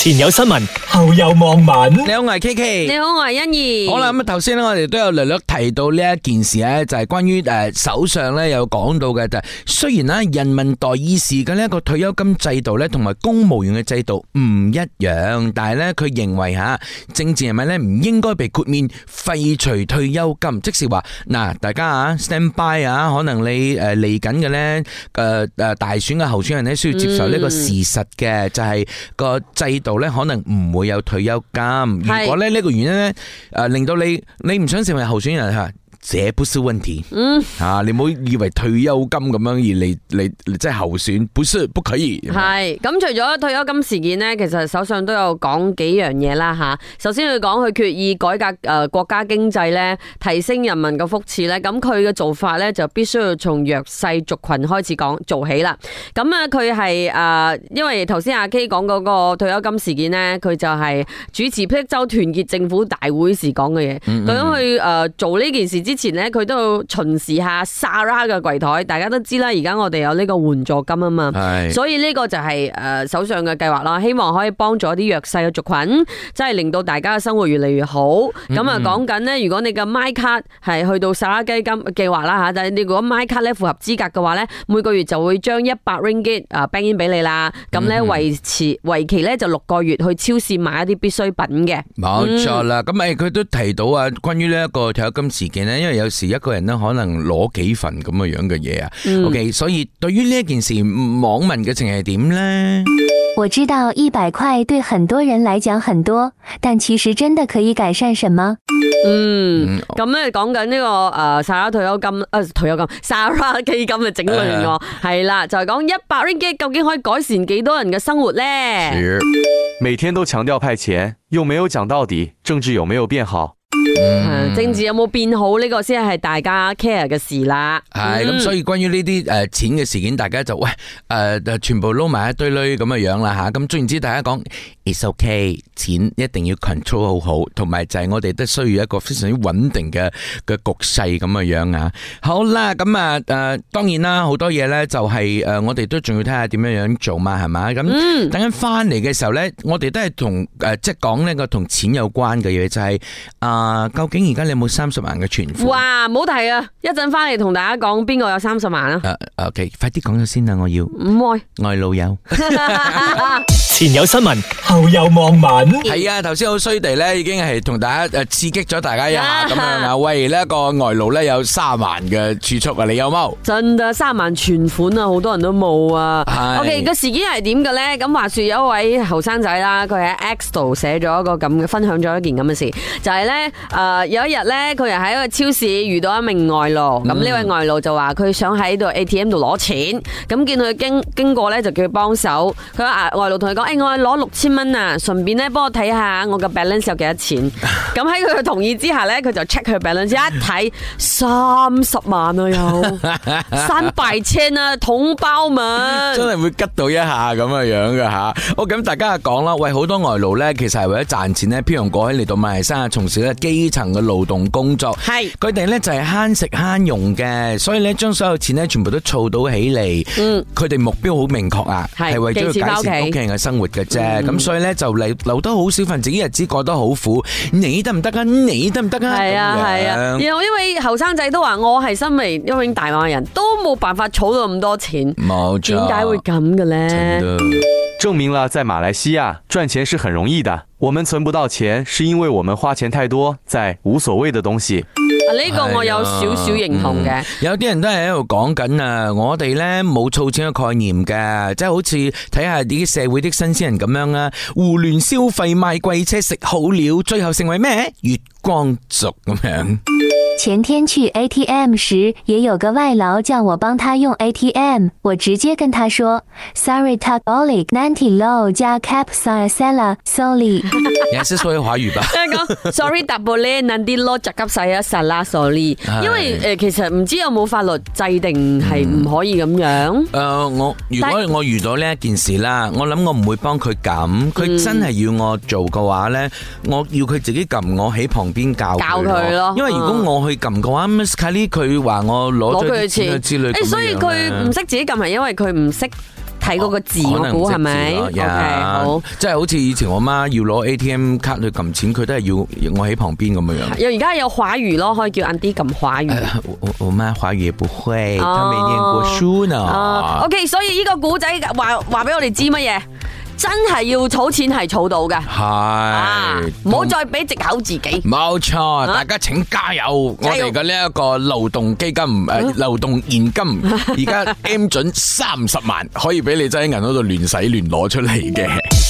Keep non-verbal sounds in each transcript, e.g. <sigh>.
前有新聞，後有網民。你好，我係 K K。你好，我係欣宜。好啦，咁啊，頭先呢，我哋都有略略提到呢一件事咧，就係、是、關於誒首相咧，有講到嘅就係，雖然啦，人民代議士嘅呢一個退休金制度咧，同埋公務員嘅制度唔一樣，但係咧，佢認為吓政治係咪咧，唔應該被豁免廢除退休金，即是話嗱，大家啊 stand by 啊，可能你誒嚟緊嘅咧，誒誒大選嘅候選人咧，需要接受呢個事實嘅，就係個制度。咧可能唔會有退休金，如果咧呢個原因咧，誒令到你你唔想成為候選人吓。這不是問題，嗯，吓，你唔好以為退休金咁樣而嚟，嚟即係候選，不是不可以。係咁，除咗退休金事件咧，其實首相都有講幾樣嘢啦，吓。首先佢講佢決意改革誒國家經濟咧，提升人民嘅福祉咧，咁佢嘅做法咧就必須要從弱勢族群開始講做起啦。咁啊，佢係誒，因為頭先阿 K 講嗰個退休金事件咧，佢就係主持霹州團結政府大會時講嘅嘢。咁去誒做呢件事之，前咧佢都巡視下 s a r a 嘅櫃台，大家都知啦。而家我哋有呢個援助金啊嘛，所以呢個就係誒手上嘅計劃啦。希望可以幫助啲弱勢嘅族群，真係令到大家嘅生活越嚟越好。咁啊講緊呢，如果你嘅 Mic 卡係去到沙基金計劃啦吓，但係你如果 Mic 卡咧符合資格嘅話咧，每個月就會將一百 ringgit 啊俾你啦。咁咧維持為期咧就六個月，去超市買一啲必需品嘅。冇錯啦。咁咪佢都提到啊，關於呢一個休金事件呢。因為有時一個人咧，可能攞幾份咁嘅樣嘅嘢啊。嗯、o、okay, K，所以對於呢一件事，網民嘅情係點咧？我知道一百塊對很多人來講很多，但其實真的可以改善什麼？嗯，咁咧講緊呢個誒，SARA 退休金誒，退休金 SARA 基金嘅整亂我係啦，就係講一百 ringgit 究竟可以改善幾多人嘅生活咧？每天都強調派錢，又沒有講到底政治有沒有變好？嗯、政治有冇變好呢？呢個先係大家 care 嘅事啦。係咁，所以關於呢啲誒錢嘅事件，大家就喂誒誒，全部撈埋一堆堆咁嘅樣啦吓。咁，總言之，大家講，it's ok，錢一定要 control 好好，同埋就係我哋都需要一個非常之穩定嘅嘅局勢咁嘅樣啊。好啦，咁啊誒，當然啦，好多嘢咧就係、是、誒、呃，我哋都仲要睇下點樣樣做嘛，係咪？咁等緊翻嚟嘅時候咧，我哋都係同誒即係講呢個同錢有關嘅嘢，就係、是、啊。呃啊，究竟而家你有冇三十萬嘅存款？哇，唔好提啊！一陣翻嚟同大家講邊個有三十萬啊！誒，OK，快啲講咗先啦，我要。外，外勞友，前有新聞，後有網民。係啊，頭先好衰地咧，已經係同大家誒刺激咗大家一下咁樣啊。喂，呢一個外勞咧有三萬嘅儲蓄啊，你有冇？真噶，三萬存款啊，好多人都冇啊。OK，個事件係點嘅咧？咁話說有一位後生仔啦，佢喺 X 度寫咗一個咁嘅分享，咗一件咁嘅事，就係咧。誒，有一日咧，佢又喺一個超市遇到一名外勞，咁、嗯、呢位外勞就話佢想喺度 ATM 度攞錢，咁、嗯、見到佢經經過咧就叫佢幫手，佢話外勞同佢講，誒、哎，我攞六千蚊啊，順便咧幫我睇下我嘅 balance 有幾多錢，咁喺佢嘅同意之下咧，佢就 check 佢 balance 一睇三十萬啊，有三百千啊，桶包文， <laughs> 真係會吉到一下咁嘅樣噶吓，好咁大家就講啦，喂，好多外勞咧其實係為咗賺錢呢，漂洋過海嚟到馬來西亞從事咧基層嘅勞動工作係，佢哋咧就係慳食慳用嘅，所以咧將所有錢咧全部都儲到起嚟。嗯，佢哋目標好明確啊，係、嗯、為咗改善屋企人嘅生活嘅啫。咁、嗯、所以咧就嚟留得好少份，自己日子過得好苦。你得唔得啊？你得唔得啊？係啊，係啊。然後因為後生仔都話我係身為，一位大馬人都冇辦法儲到咁多錢。點解會咁嘅咧？證明了在馬來西亞賺錢是很容易的。我們存不到錢，是因為我們花錢太多在無所謂的東西。啊，呢個我有少少認同嘅、哎嗯。有啲人都係喺度講緊啊，我哋咧冇儲錢嘅概念嘅，即係好似睇下啲社會的新鮮人咁樣啦，胡亂消費買貴車食好料，最後成為咩月光族咁樣。前天去 ATM 時，也有個外勞叫我幫他用 ATM，我直接跟他說 sorry, tak boleh, ninety low 加 cap, sorry, sorry, sorry 也是 <music> <laughs> 說粵語吧。聽講，sorry，double lane，and 咧，嗱啲 law o 即急晒一殺啦，sorry。因為誒，其實唔知有冇法律制定係唔可以咁樣、嗯。誒、呃，我如果我遇到呢一件事啦，我諗我唔會幫佢撳。佢真係要我做嘅話咧、嗯，我要佢自己撳，我喺旁邊教教佢咯。因為如果我去撳嘅話、嗯、，Miss Kelly 佢話我攞攞佢嘅錢之類誒，所以佢唔識自己撳係因為佢唔識。睇嗰個字我，我估係咪？O K，好，即係好似以前我媽要攞 A T M 卡去撳錢，佢都係要我喺旁邊咁樣樣。又而家有華語咯，可以叫 Andy 撳華語。啊、我我我媽華語也不會，佢、哦、未念過書呢。啊、o、okay, K，所以呢個古仔話話俾我哋知乜嘢？真係要儲錢係儲到嘅，係，唔好再俾借口自己。冇錯，大家請加油。我哋嘅呢一個勞動基金誒，勞動現金而家 M 准三十萬，可以俾你真喺銀行度亂使亂攞出嚟嘅。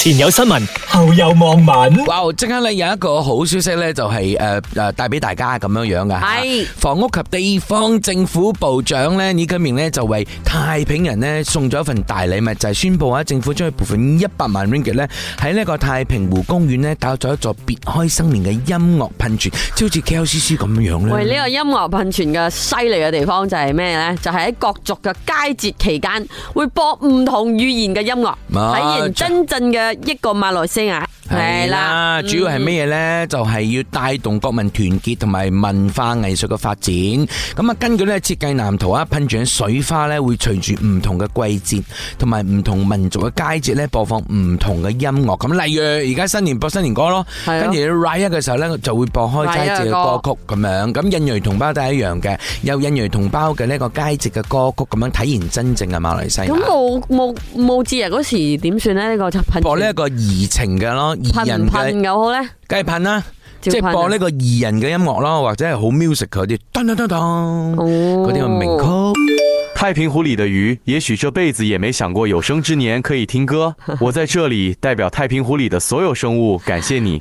前有新聞，後有網民。哇，即刻咧有一個好消息咧，就係誒誒帶俾大家咁樣樣嘅。係，房屋及地方政府部長咧呢一面咧就為太平人咧送咗一份大禮物，就係宣布啊，政府將要撥款一。百萬 ringgit 咧喺呢個太平湖公園咧打咗一座別開生面嘅音樂噴泉，好似 KLCC 咁樣樣咧。喂，呢、這個音樂噴泉嘅犀利嘅地方就係咩咧？就係、是、喺各族嘅佳節期間會播唔同語言嘅音樂，體現真正嘅一個馬來西亞。係啦，主要係乜嘢咧？就係、是、要帶動國民團結同埋文化藝術嘅發展。咁啊，根據咧設計藍圖啊，噴泉水花咧，會隨住唔同嘅季節同埋唔同民族嘅佳節咧，播放唔同嘅音樂。咁例如而家新年播新年歌咯，跟住 Raya 嘅時候咧，就會播開佳節嘅歌曲咁樣。咁印裔同胞都係一樣嘅，有印裔同胞嘅呢個佳節嘅歌曲咁樣，體現真正嘅馬來西亞。咁冇冇冇節日嗰時點算咧？呢、這個就噴播呢一個怡情嘅咯。噴唔噴又好咧，梗係噴啦，即係、啊就是、播呢個二人嘅音樂咯，或者係好 music 嗰啲，噔噔噔噔，嗰啲係名曲。太平湖裏嘅魚，也許這輩子也沒想過有生之年可以聽歌。我在這裏代表太平湖裏的所有生物，感謝你。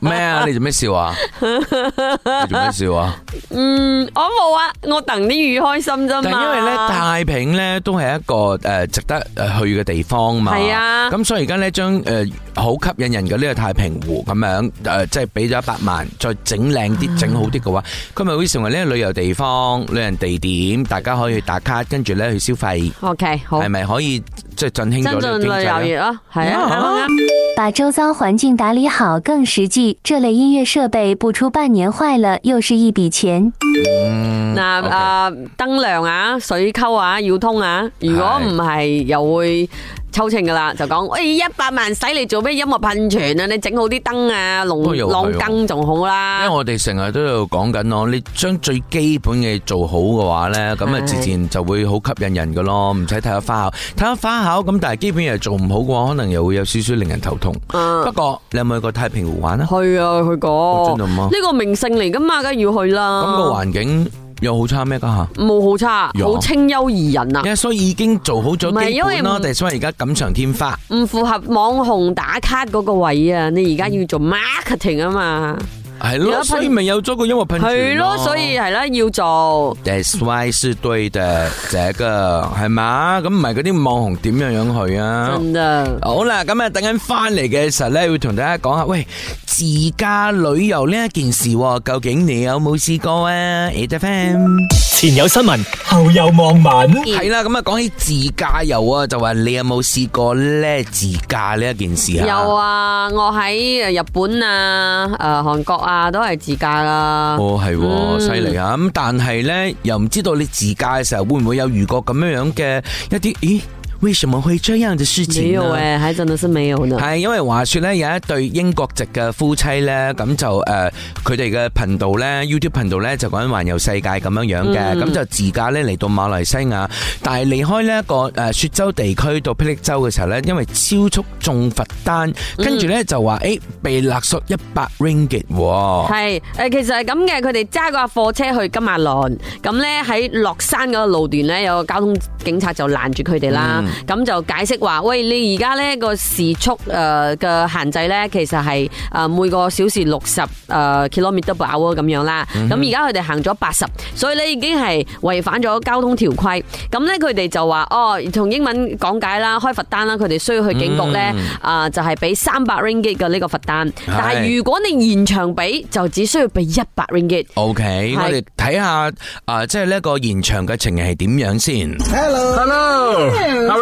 咩 <laughs> 啊？你做咩笑啊？做咩笑啊？嗯，我冇啊，我等啲魚開心啫嘛。因為咧，太平咧都係一個誒、呃、值得誒、呃、去嘅地方嘛。係啊。咁、嗯、所以而家咧將誒。好吸引人嘅呢個太平湖咁樣，誒、呃，即係俾咗一百萬，再整靚啲、整好啲嘅話，佢咪會成為呢個旅遊地方、旅遊地點，大家可以去打卡，跟住呢去消費。OK，好，係咪可以？即係振興嗯、振興，旅遊業啊，係啊，係啊，把周遭環境打理好更實際。這類音樂設備不出半年壞了又是一筆錢。嗯，嗱、啊，啊燈亮啊，水溝啊要通啊，如果唔係又會抽秤噶啦。就講，誒一百萬使嚟做咩？音樂噴泉啊，你整好啲燈啊，龍浪燈仲好啦。因為我哋成日都有講緊咯，你將最基本嘅做好嘅話咧，咁啊自然就會好吸引人噶咯，唔使睇下花下睇下花下。咁，但係基本又係做唔好嘅話，可能又會有少少令人頭痛。嗯、不過你有冇去過太平湖玩啊？去啊，去過。呢、這個名勝嚟噶嘛，梗係要去啦。咁、那個環境又好差咩？家下冇好差，好清幽宜人啊！所以已經做好咗基本啦，但係，所以而家錦上添花，唔符合網紅打卡嗰個位啊！你而家要做 marketing 啊嘛。嗯係咯，所以咪有咗個音樂噴泉咯。係咯，所以係啦，要做。That's why 是對的，這個係嘛？咁唔係嗰啲網紅點樣樣去啊？真啊！好啦，咁啊，等緊翻嚟嘅時候咧，會同大家講下，喂，自駕旅遊呢一件事，究竟你有冇試過啊？Ethan，前有新聞，後有網民。係啦，咁啊，講起自駕遊啊，就話你有冇試過咧？自駕呢一件事啊？有啊，我喺誒日本啊，誒韓國啊。啊、嗯哦，都係自駕啦，哦係，犀利啊！咁但係咧，又唔知道你自駕嘅時候會唔會有遇過咁樣樣嘅一啲，咦？為什麼會這樣嘅事情啊？沒有誒，還真的是沒有呢。係因為話說咧，有一對英國籍嘅夫妻咧，咁就誒，佢哋嘅頻道咧，YouTube 頻道咧，就講緊環遊世界咁樣樣嘅，咁、嗯、就自駕咧嚟到馬來西亞，但係離開呢一個誒雪州地區到霹靂州嘅時候咧，因為超速中罰單，跟住咧就話誒、嗯哎、被勒索一百 ringgit。係誒、呃，其實係咁嘅，佢哋揸個貨車去金馬崙，咁咧喺落山嗰個路段咧，有個交通警察就攔住佢哋啦。咁就解釋話，喂，你而家咧個時速誒嘅限制咧，其實係誒每個小時六十誒 kilometre hour 咁樣啦。咁而家佢哋行咗八十，所以咧已經係違反咗交通條規。咁咧佢哋就話哦，同英文講解啦，開罰單啦，佢哋需要去警局咧啊，就係俾三百 ringgit 嘅呢個罰單。但係如果你現場俾，就只需要俾一百 ringgit。O K，我哋睇下誒，即係呢一個現場嘅情形係點樣先。Hello，Hello。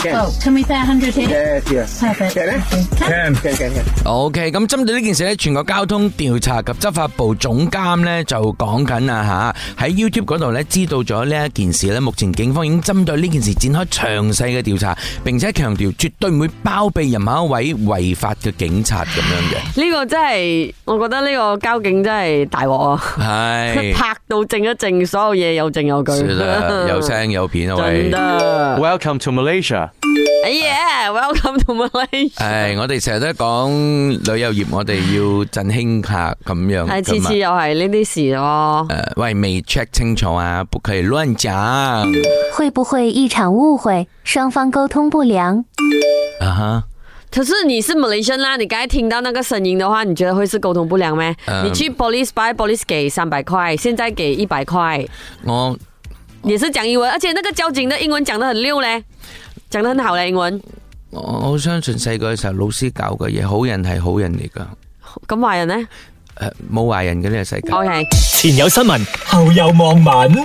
Can we pay a hundred? Yes, yes. Have it. Can, can, can, can. Okay，咁針對呢件事咧，全國交通調查及執法部總監咧就講緊啊吓喺 YouTube 嗰度咧知道咗呢一件事咧，目前警方已經針對呢件事展開詳細嘅調查，並且強調絕對唔會包庇任何一位違法嘅警察咁樣嘅。呢個真係，我覺得呢個交警真係大鑊啊！佢拍到正一正，所有嘢有證有據，有聲有片啊！真嘅，Welcome to Malaysia。Hey、yeah, to 哎呀 welcome 到馬來西亞。係，我哋成日都講旅遊業，我哋要振興下咁樣。係，次、啊、次又係呢啲事咯、哦啊。喂，未媒 check 清楚啊，不可以亂講。會不會一場誤會？雙方溝通不良。啊哈？可是你是 Malaysia，你剛才聽到那個聲音的話，你覺得會是溝通不良咩、啊？你去 police by police 給三百塊，現在給一百塊。我，也是講英文，而且那個交警的英文講得很溜呢。就喺後嚟揾。我我相信細個嘅時候老師教嘅嘢，好人係好人嚟噶。咁壞人咧？誒、呃，冇壞人嘅呢咧，這個世界，okay。前有新聞，後有網民。